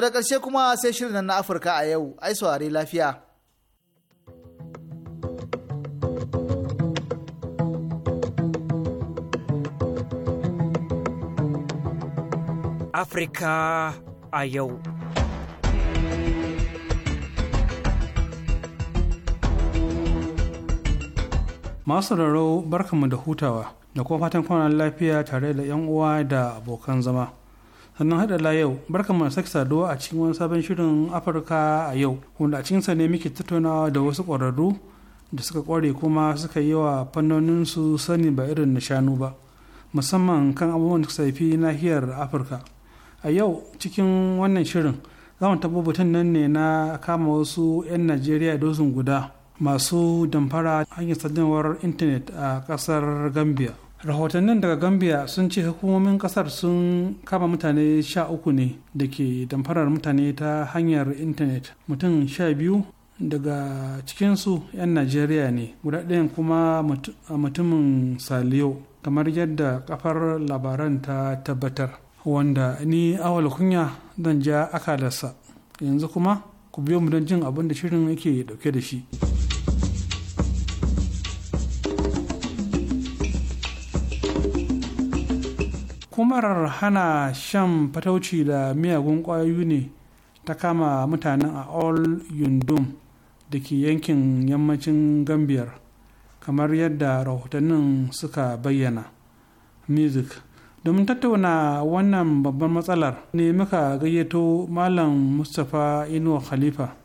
da ƙarshe kuma sai shirin na Afirka a yau, ai saurari lafiya. Afirka a yau. Masu raro barkanmu da hutawa da kuma fatan kwanan lafiya tare da 'yan uwa da abokan zama. sannan haɗa la yau barka mu sake saduwa a cikin wani sabon shirin afirka a yau wanda a cikinsa ne muke tattaunawa da wasu ƙwararru da suka ƙware kuma suka yi wa fannonin su sani ba irin na shanu ba musamman kan abubuwan da saifi nahiyar afirka a yau cikin wannan shirin za mu tabo batun nan ne na kama wasu 'yan najeriya dozin guda masu damfara hanyar sadarwar intanet a ƙasar gambia rahotannin daga gambia sun ce hukumomin kasar sun kama mutane sha uku ne da ke damfarar mutane ta hanyar intanet mutum sha biyu daga cikinsu 'yan najeriya ne guda ɗayan kuma mutumin saliyo kamar yadda kafar labaran ta tabbatar wanda ni awal kunya zan ja akalarsa yanzu kuma ku biyo mu don jin abin da shirin yake dauke da shi. hukumar hana shan fatauci da miyagun ƙwayoyi ne ta kama mutanen a all yundum da ke yankin yammacin gambiyar kamar yadda rahotannin suka bayyana music domin tattauna wannan babban matsalar ne muka gayyato malam mustapha inuwa khalifa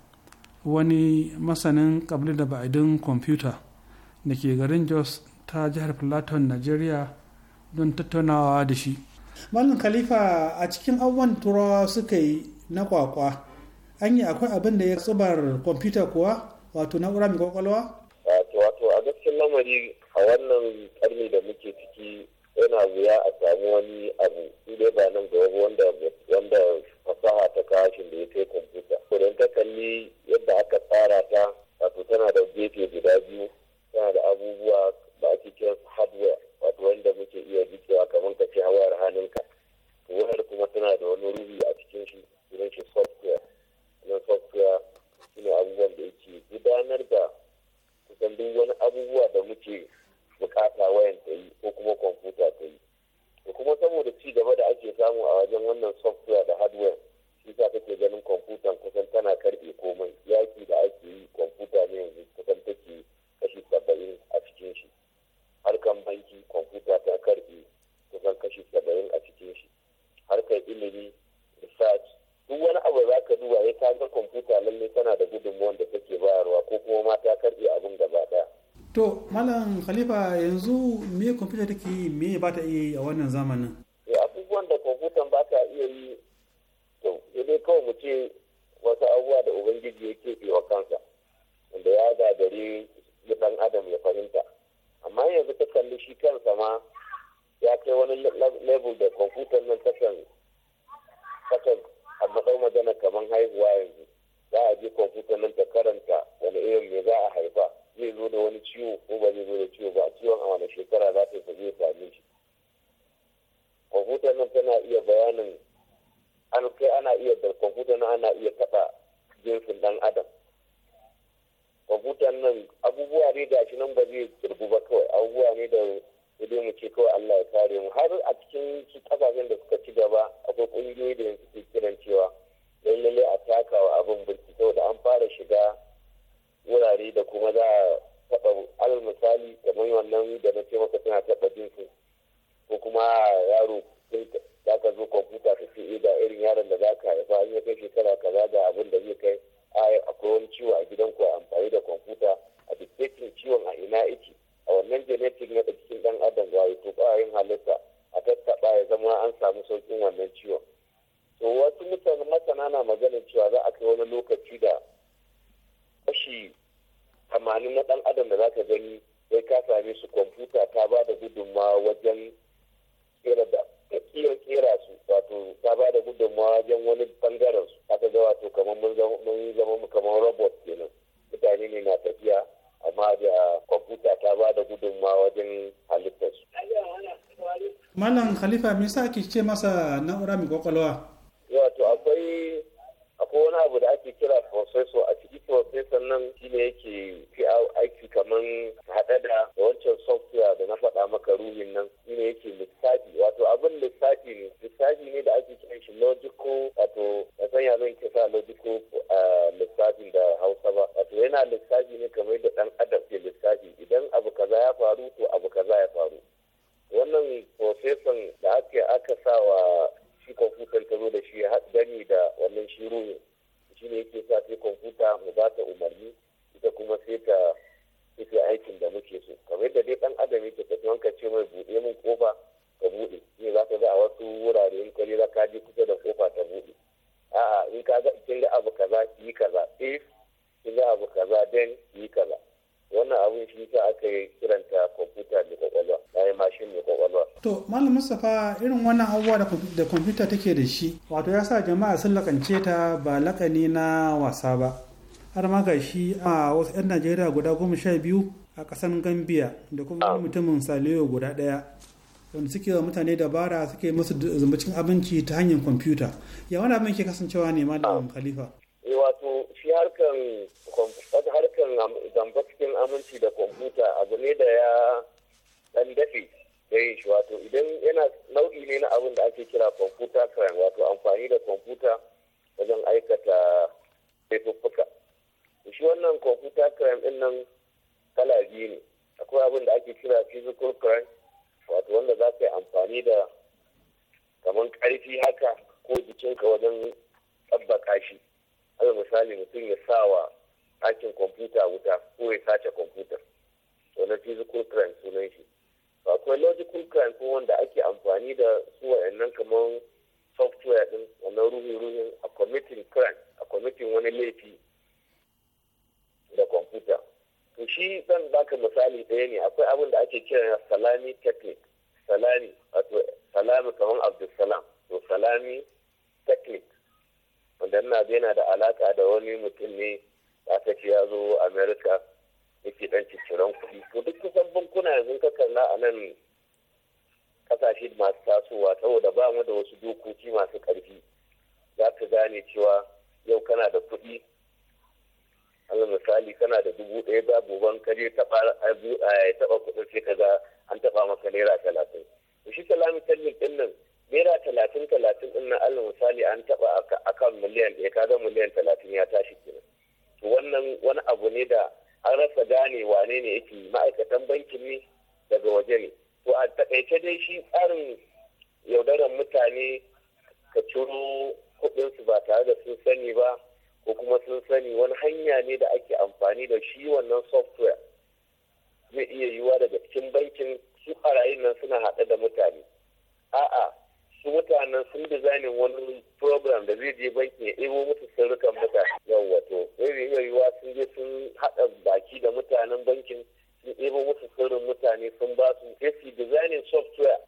wani masanin kabli da ba'idin kwamfuta da ke garin jos ta jihar plateau nigeria don tattaunawa da shi malam khalifa a cikin abubuwan turawa suka yi na kwakwa an yi akwai abin da ya tsubar kwamfuta kuwa wato na'ura mai kwakwalwa wato wato a gaskin lamari a wannan karni da muke ciki yana wuya a samu wani abu dai ba nan ga wanda wanda fasaha ta kashin da ya kai kwamfuta Kudin ta kalli yadda aka tsara ta wato tana da gefe guda biyu tana da abubuwa da ake cikin hardware wato wanda muke iya rikewa kamar ka ce hawayar hannunka wayar kuma tana da wani ruhi a cikin shi irin shi software Khalifa yanzu me kwamfuta take yi me ba ta iya yi a wannan zamanin wannan ciwon to wasu mutane masana na maganin cewa za a kai wani lokaci da kashi tamanin na dan adam da za ka gani sai ka same su kwamfuta ta ba da gudunmawa wajen kira kera su wato ta ba da gudunmawa wajen wani bangaren su aka ga wato kamar mun zama kamar robot kenan mutane ne na tafiya amma da kwamfuta ta ba da gudunmawa wajen halittar su Malam Khalifa me yasa ake ce masa na'ura mai kwakwalwa? Wato akwai akwai wani abu da ake kira professor a ciki professor nan ne yake fi aiki kamar haɗe da wancan software da na faɗa maka ruhin nan ne yake lissafi wato abin lissafi ne lissafi ne da ake kiran shi logical wato a sanya zan kisa logical eh, lissafi da hausa ba wato yana lissafi ne kamar da ɗan adam ke lissafi idan abu kaza ya faru to abu kaza ya faru wannan profesan da ake aka sa wa shi kwamfutar ta zo da shi ya gani da wannan shi ruhin shi ne yake sa sai kwamfuta mu ba ta umarni ita kuma sai ta ita aikin da muke so kamar yadda dai dan adam yake tafi wanka ce mai buɗe min kofa ka buɗe ne za ka ga a wasu wurare in kwari za ka je kusa da kofa ta buɗe a'a in ka ga kin ga abu kaza yi kaza if kin ga abu kaza den yi kaza wannan abin shi sa aka yi kiranta kwamfuta mai kwakwalwa yi mashin mai kwakwalwa. to malam mustapha irin wannan abubuwa da kwamfuta take da shi wato ya sa jama'a sun lakance ta ba lakani na wasa ba har ma gashi a wasu 'yan najeriya guda goma sha biyu a ƙasar gambia da kuma wani mutumin saliyo guda ɗaya wanda suke wa mutane dabara suke musu zumbacin abinci ta hanyar kwamfuta ya wani abin ke kasancewa ne malam khalifa harkan harkan zamba cikin aminci da kwamfuta abu ne da ya dan dafe da yin shi wato idan yana nau'i ne na abin da ake kira kwamfuta crime wato amfani da kwamfuta wajen aikata laifuffuka shi wannan kwamfuta crime din nan kala biyu ne akwai abin da ake kira physical crime wato wanda za ka yi amfani da kamar karfi haka ko jikinka wajen tsabbaka shi ala misali mutum ya sawa ɗakin kwamfuta wuta ko ya sace kwamfuta na physical crime sunan shi akwai logical crime ko wanda ake amfani da su wa'annan kamar software din wannan ruhin-ruhin a committing crime a committing wani laifi da kwamfuta to shi zan baka misali ɗaya ne akwai abin da ake kira salami technique salami wato salami kamar abdulsalam to salami technique wanda na ga yana da alaka da wani mutum ne ta ce ya zo america yake dan ciciran kuɗi to duk kusan bankuna yanzu ka kalla a nan kasashe masu tasowa saboda ba mu da wasu dokoki masu ƙarfi za ka gane cewa yau kana da kuɗi Allah misali kana da dubu ɗaya ba goban ka je taɓa taɓa kuɗin sai ka ga an taɓa maka naira talatin to shi ta tallin nan naira talatin talatin din na alal misali an taba akan miliyan ɗaya ga miliyan talatin ya tashi kenan to wannan wani abu ne da an rasa gane wane ne yake ma'aikatan bankin ne daga waje ne to a takaice dai shi tsarin yaudarar mutane ka ciro kuɗinsu ba tare da sun sani ba ko kuma sun sani wani hanya ne da ake amfani da shi wannan software zai iya yiwuwa daga cikin bankin su ɓarayin nan suna haɗe da mutane wasu mutanen sun dizainin wani program da zai je bankin ya ɗebo musu sirrukan mata yau wato zai yiwuwa sun je sun haɗa baki da mutanen bankin sun ɗebo musu sirrin mutane sun ba su sai designing dizainin software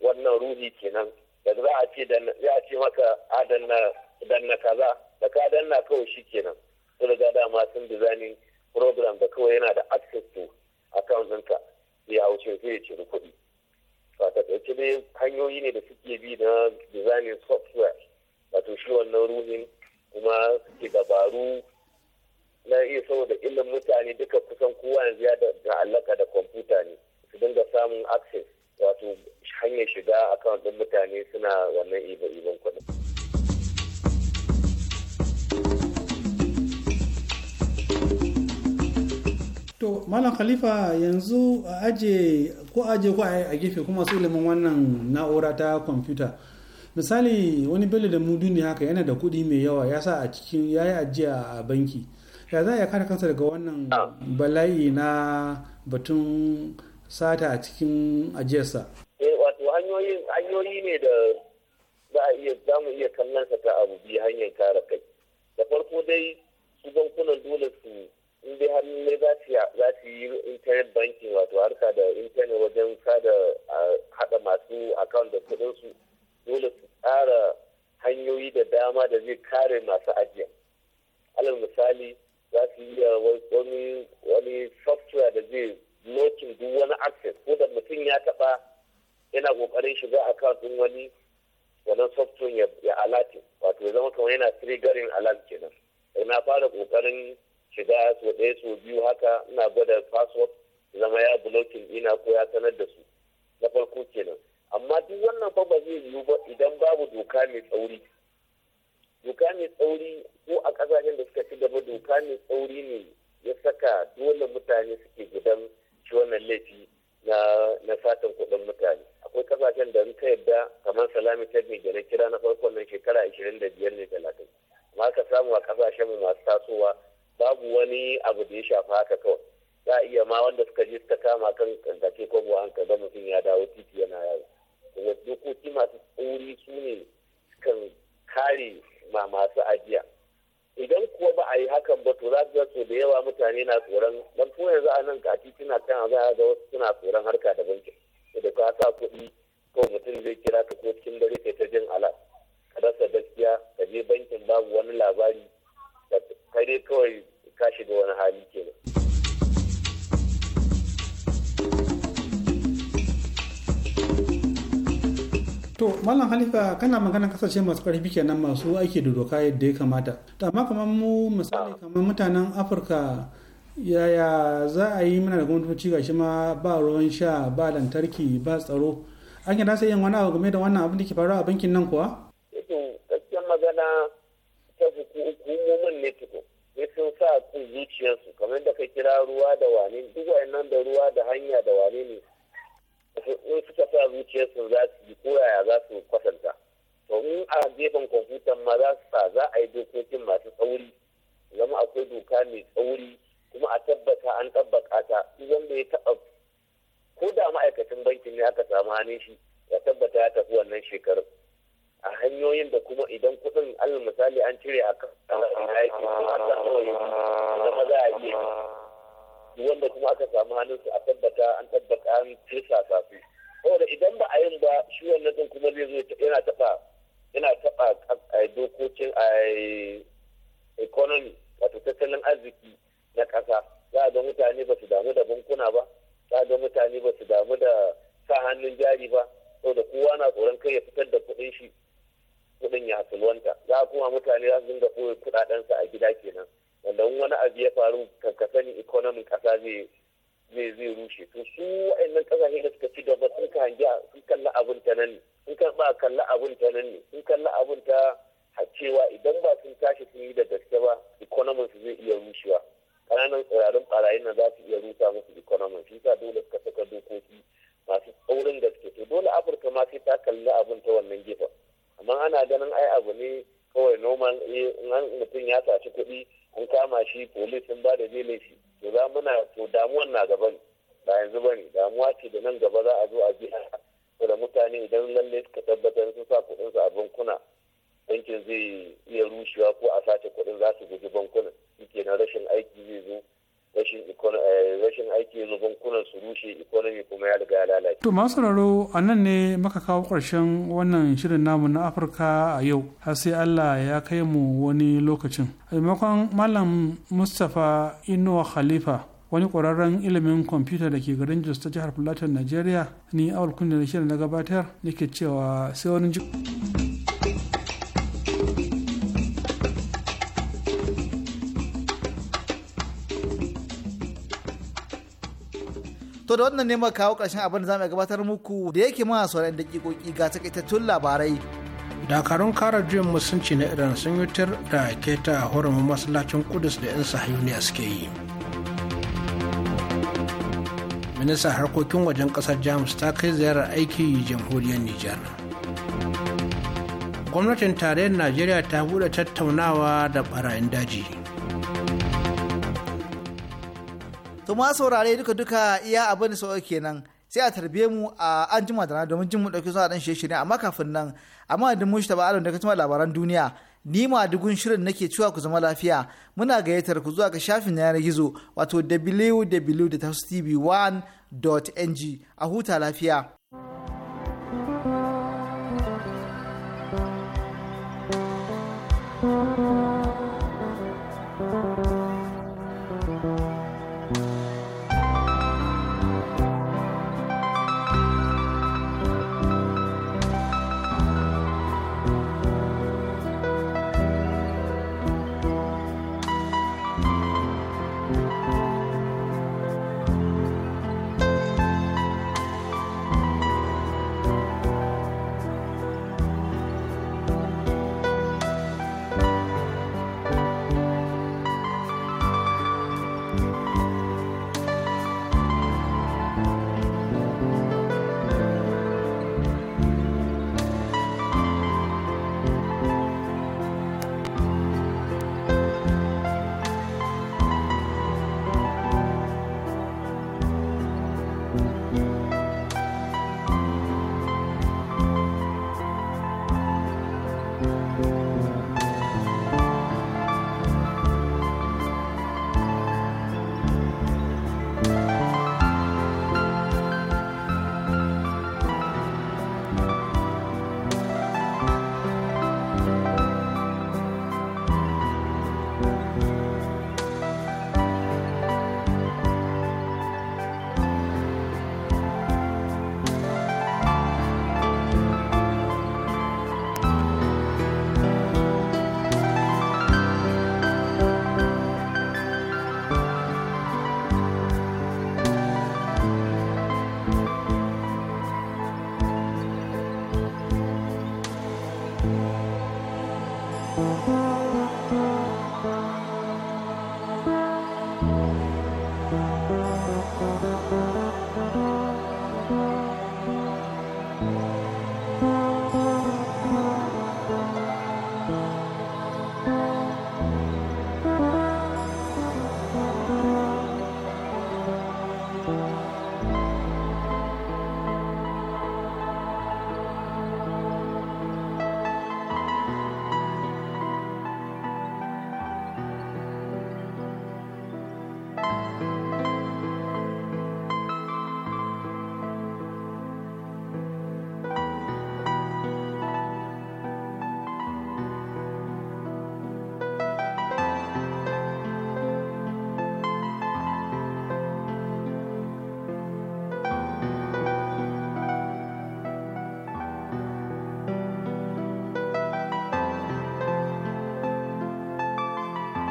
wannan ruhi kenan da za a ce za a ce maka adanna danna kaza da ka danna kawai shi kenan sun riga dama sun designing program da kawai yana da access to account ɗinka ya wuce sai ya ciri kuɗi a dai hanyoyi ne da suke bi na designing software wato shi wannan ruhin kuma suke dabaru na iya saboda ilimin mutane duka kusan kowa yanzu ya da alaka da kwamfuta ne su dinga samun access wato hanyar shiga akan ɗin mutane suna wannan iban iban kuɗin. to malam khalifa yanzu a aje ko aje ko a gefe kuma su ilimin wannan na'ura ta kwamfuta misali wani bello da mudu ne haka yana da kuɗi mai yawa ya sa a cikin ya yi ajiya a banki ya za a kare kansa daga wannan bala'i na batun sata a cikin ajiyarsa eh, wato hanyoyi ne da za iya mu iya kallon ta abu biyu hanyar kare kai da farko dai su bankunan dole su in dai har ne za su yi internet banking wato harka da internet wajen sada hada masu account da kudin su dole su tsara hanyoyi da dama da zai kare masu ajiya alal misali za su yi wani wani software da zai lokin duk wani access ko da mutum ya taba yana kokarin shiga account din wani wannan software ya alatin wato ya zama kamar yana triggering alarm kenan na fara kokarin shiga su ɗaya su biyu haka ina gwada password zama ya blocking ina ko ya sanar da su na farko kenan amma duk wannan fa ba zai yiwu ba idan babu doka mai tsauri doka mai tsauri ko a ƙasashen da suka ci gaba doka mai tsauri ne ya saka dole mutane suke gidan shi wannan laifi na na satan kuɗin mutane akwai ƙasashen da in ka yadda kamar salami ta da na kira na farkon nan shekara ashirin da biyar ne talatin amma ka samu a ƙasashen masu tasowa babu wani abu da ya shafa haka kawai za a iya ma wanda suka je suka kama kan kankace ko an kaza mutum ya dawo titi yana yawo kuma dokoki masu tsauri su ne kan kare ma masu ajiya idan kuwa ba a yi hakan ba to za su so da yawa mutane na tsoron dan ko yanzu a nan a tituna kan za a ga wasu suna tsoron harka da banki da ka sa kuɗi ko mutum zai kira ka ko cikin dare ta jin ala ka rasa gaskiya ka je bankin babu wani labari kai dai kawai ka shiga wani hali kenan. to malam halifa kana magana kasashe masu karfi kenan masu aiki da doka yadda ya kamata to amma kamar mu misali kamar mutanen afirka yaya za a yi mana da gwamnatoci gashi ma ba ruwan sha ba lantarki ba tsaro an yana sai yin wani abu game da wannan abin da ke faruwa a bankin nan kuwa? yakin eh, gaskiyar magana ta hukumomin ne tuku. sun sa a zuciyarsu kamar da ka kira ruwa da wane duk nan da ruwa da hanya da wane ne in suka sa zuciyarsu za su yi koyaya za su kwatanta to in a gefen kwamfutan ma za su sa za a yi dokokin masu tsauri zama akwai doka mai tsauri kuma a tabbata an tabbata ta wanda ya taɓa ko da ma'aikacin bankin ne aka samu hannun shi ya tabbata ya tafi wannan shekarar. a hanyoyin da kuma idan kuɗin alal misali an cire a kan yaki ko an san kawai zama za a iya wanda kuma aka samu hannun a tabbata an tabbata an idan ba a yin ba shi kuma zai zo yana taɓa yana dokokin a economy wato tattalin arziki na ƙasa za ga mutane ba su damu da bankuna ba za ga mutane ba su damu da sa hannun jari ba saboda kowa na tsoron kai ya fitar da kuɗin shi kudin ya sulwanta za a kuma mutane za su dinga ɓoye kuɗaɗensa a gida kenan wanda wani abu ya faru kankasani ikonomin ƙasa zai zai rushe to su wa'annan kasashe da suka ci gaba sun ka sun kalla abin ta nan ne sun ba kalla abun ta nan ne sun kalla abun ta cewa idan ba sun tashi sun yi da gaske ba ikonomin su zai iya rushewa ƙananan tsirarin ɓarayin nan za su iya rusa musu ikonomin shi sa dole suka saka dokoki masu tsaurin gaske to dole afirka ma sai ta kalli abun ta wannan gefen amma ana ganin ai abu ne kawai noman eh, in mutum ya tsaci kuɗi an kama shi polis sun ba da belin shi to za muna to damuwan na gaba ne ba yanzu ba ne damuwa ce da nan gaba za a zo a biya da mutane idan lalle suka tabbatar sun sa kuɗin su a bankuna bankin zai iya rushewa ko a sace kuɗin za su guji bankunan shi rashin aiki zai zo Eh, rashin aiki ya zubin kunan su rushe ikonomi kuma ya riga lalace. To masu sauraro a nan ne maka kawo ƙarshen wannan shirin namu na Afirka a yau har sai Allah ya kai mu wani lokacin. A maimakon Malam Mustapha Inuwa Khalifa wani ƙwararren ilimin kwamfuta da ke garin Jos ta jihar Plateau Najeriya ni awal kundin shirin na gabatar nake cewa sai wani jiki. to da wannan ne kawo ƙarshen abin da za mu gabatar muku da yake ma sauran dakikoki ga takaitattun labarai dakarun kara juyin musunci na iran sun yi tir da keta horumin masallacin kudus da 'yan sahiyuniya suke yi minista harkokin wajen kasar jamus ta kai ziyarar aiki jamhuriyar nijar gwamnatin tarayyar najeriya ta buɗe tattaunawa da barayin daji to ma saurare duka duka iya abin da sauƙi kenan sai a tarbe mu a an jima da rana domin jin mu dauki a dan shirye shirye amma kafin nan amma da mun shi taba alon da kuma labaran duniya ni ma dugun shirin nake cewa ku zama lafiya muna gayyatar ku zuwa ga shafin na yanar gizo wato www.tv1.ng a huta lafiya